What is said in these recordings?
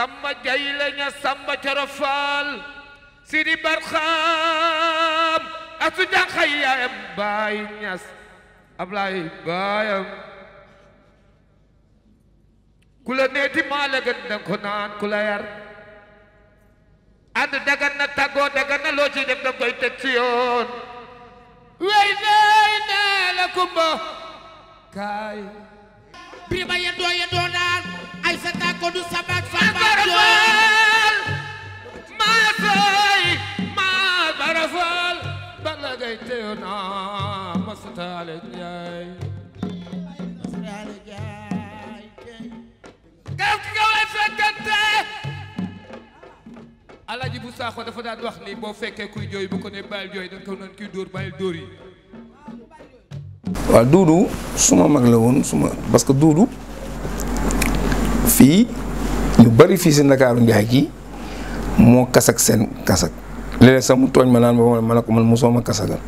samba jayle ña samba coro faal sidi barxaam asu jànxay yaayam baay ñas ablaay baayam ku la neeti maa la gën danga ko naan ku la yar dagan na tàggoo dagan na loo ci def danga koy teg wey nay la kumba kaay birima yendoo ay sa tàkko du sabaat faama jool maa maa barafal bala gay teew naa masataale njaay masataale njaay ki gaw ay fekkante alaaji bu saaxo dafa daan wax ni boo fekkee kuy jooy bu ko ne bàyyil jooy danga ko naan kuy dóor bàyyil dóor yi waaw Duudu suma mag la woon suma parce que Duudu fii ñu bari fii si Ndakaaru Njaay gi moo kasak seen kasak léeg-léeg sax mu tooñ ma naan ma ma ne ko man mosoo ma kasagal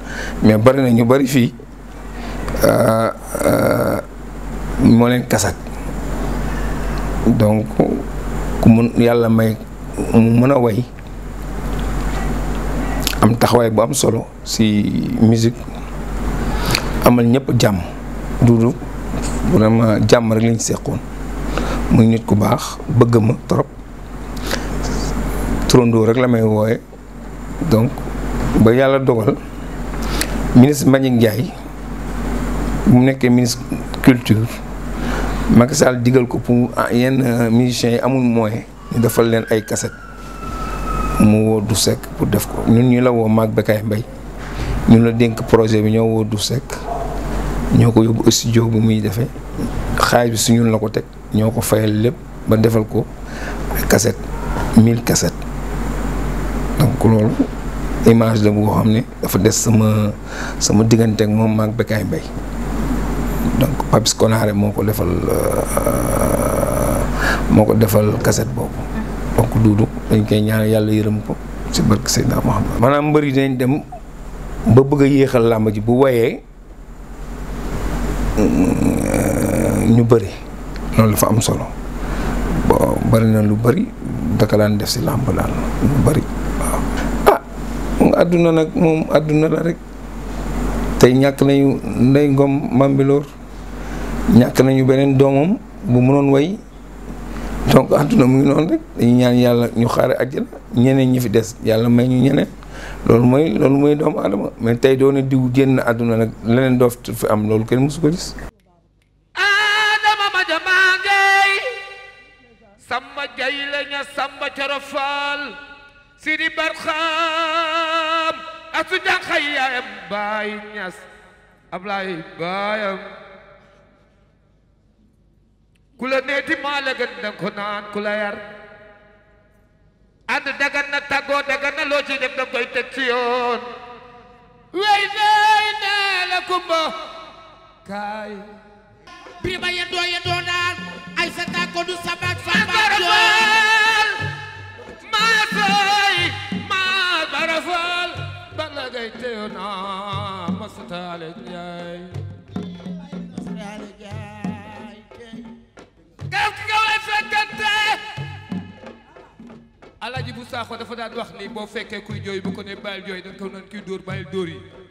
mais bari na ñu bari fii euh, euh, moo leen kasak donc ku mun yàlla may mu mën a way am taxawaay bu am solo si musique amal ñëpp jàmm duudu vraiment jàmm rek lañ seqoon mu nit ku baax bëgg ma trop turandoo rek la may wooye donc ba yàlla dogal ministre Mbagnick Ndiaye bu mu nekkee ministre culture Macky Sall digal ko pour ah, yenn euh, musiciens yi amul moyen ñu defal leen ay cassette mu woo du sekk pour def ko ñun ñu la woo maag Bekaay Mbaye ñun la dénk projet bi ñoo woo du sec ñoo ko yóbbu studio bu muy defee xaaj bi suñu la ko teg ñoo ko fayal lépp ba defal ko cassette mille kaset donc loolu image la boo xam ne dafa des sama sama diggante ak moom maag Bécaye Mbaye donc Papis Konaré moo ko defal euh, moo ko defal kaset boobu donc duudu dañ koy ñaan yàlla yërëm ko ci barke Seydina Muhammad maanaam mbër yi dañ dem ba bëgg yéexal làmb bu wayee ñu bari loolu dafa am solo bon bëri na lu bari daka daan def si làmb daal lu bëri waaw ah àdduna nag moom àdduna la rek tey ñàkk nañu ndey ngom Bambilor ñàkk nañu beneen doomam bu mënoon way donc àdduna mu ngi noonu rek dañu ñaan yàlla ñu xaare àjjana ñeneen ñi fi des yàlla may ñu ñeneen loolu mooy loolu mooy doomu aadama mais tey doo diw génn àdduna nag leneen doof fi am loolu kenn mësu ko gis. aadama ma jamaa ngay samba jay laña samba corofal sidi barxaam asu jànxay yaayam baay ñas ablaay baayam ku la neeti maa la gën ko naan ku la yar ànd dagan na tàggoo dagan na loo ciy def da koy teg ci yoon wey nay nee la kumba kaay birima yendoo yendoo naan ay sa tàggoo du sabaat faamaat yoon maa sooy maa barafal bala gay teew naa masataale njaay masataale njaay gaw ki gaw ay fekkante alaaji bu saaxo dafa daan wax ni boo fekkee kuy jooy bu ko ne bàyyil jooy danga ko naan kuy dóor bàyyil dóor yi